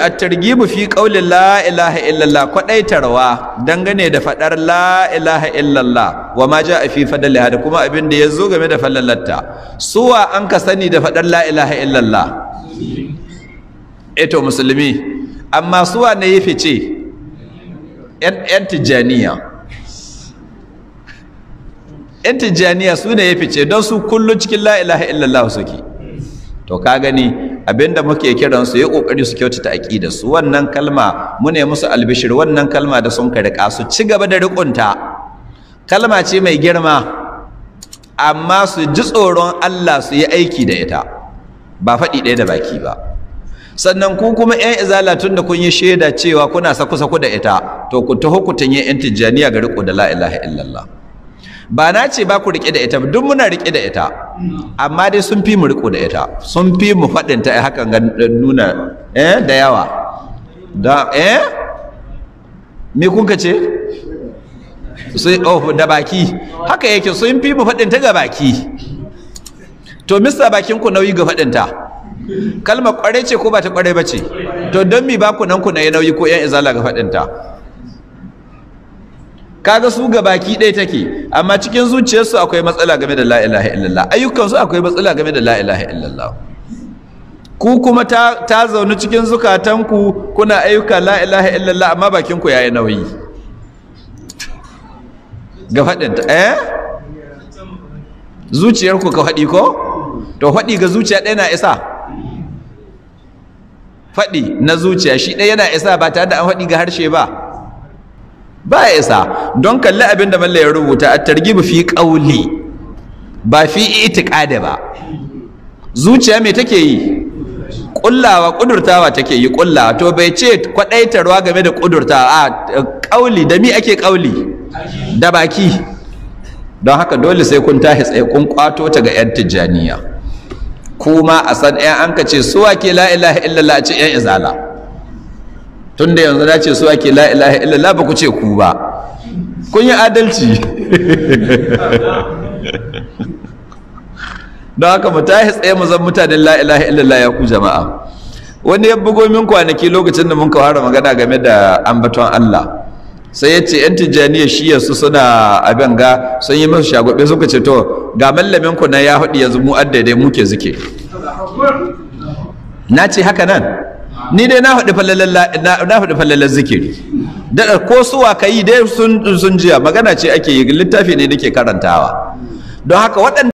a targhibu fi qawli la ilaha illallah kwadaitarwa dangane da fadar la ilaha illallah wa ma jaa fi fadliha da kuma abin da yazo game da fallalarta suwa an ka sani da fadar la ilaha illallah eto eh musulmi amma suwa ne yafi ce yan tijaniya yan tijaniya su ne yafi ce don su kullu cikin la ilaha illallah suke to ka gani abinda muke kiran su yi kokari su kyautata aqidar su wannan kalma mu musu albishir wannan kalma da sun ka riƙa. su ci gaba da rikunta kalma ce mai girma amma su ji tsoron Allah su yi aiki da ita ba faɗi ɗaya da baki ba sannan ku kuma ƴan izala tun da kun yi shaida cewa kuna saku saku da ita to ku taho ku tanye ƴan tijjaniya ga riko da la ilaha illallah ba na ce ba ku rike da ita duk muna rike da ita amma dai sun fi mu riko da ita sun fi mu faɗinta, ta eh, hakan ga eh, nuna eh da yawa da eh me kun ka ce sai oh da baki haka yake sun fi mu faɗinta ta ga baki to mista bakin ku nauyi ga faɗinta? ta kalmar kware ce ko ba ta kware ba ce to don mi ba ku nan ku na yi nauyi ko yan izala ga faɗinta. ta kaga su ga baki ɗaya take amma cikin zuciyarsu akwai matsala game da la ilaha illallah ayyukansu akwai matsala game da la ilaha illallah ku kuma ta, ta zaune cikin zukatanku kuna ayyuka la ilaha illallah amma bakinku ya yi nauyi ga faɗinta eh zuciyarku ka faɗi ko to faɗi ga zuciya ɗaya na isa faɗi na zuciya shi ɗaya yana isa ba tare da an faɗi ga harshe ba ba ya isa don kalli abin da malla ya rubuta a targibu fi ƙauli ba fi itiƙada ba zuciya mai take yi ƙullawa ƙudurtawa take yi ƙullawa to bai ce kwaɗaitarwa game da ƙudurtawa a ƙauli da mi ake ƙauli da baki don haka dole sai kun tashi tsaye kun kwato ta ga 'yan tijjaniya kuma a san 'yan an ka ce suwa ke la ilaha illallah a ce 'yan izala tunda yanzu na ce su ake la ilaha illallah ba ku ce ku ba kun yi adalci don haka mu tsaye mu zan mutanen la ilaha illallah ya ku jama'a wani ya bugo min kwanaki lokacin da mun fara magana game da ambaton Allah sai yace ce yan tijjaniya shi su suna abin ga sun yi masu shagobe suka ce to ga mallamin ku na ya hudu yanzu mu addade muke zike na ce haka nan ni dai na faɗi falalar zikiri da ko suwa ka yi dai sun jiya magana ce ake yi littafi ne nake karantawa don haka waɗanda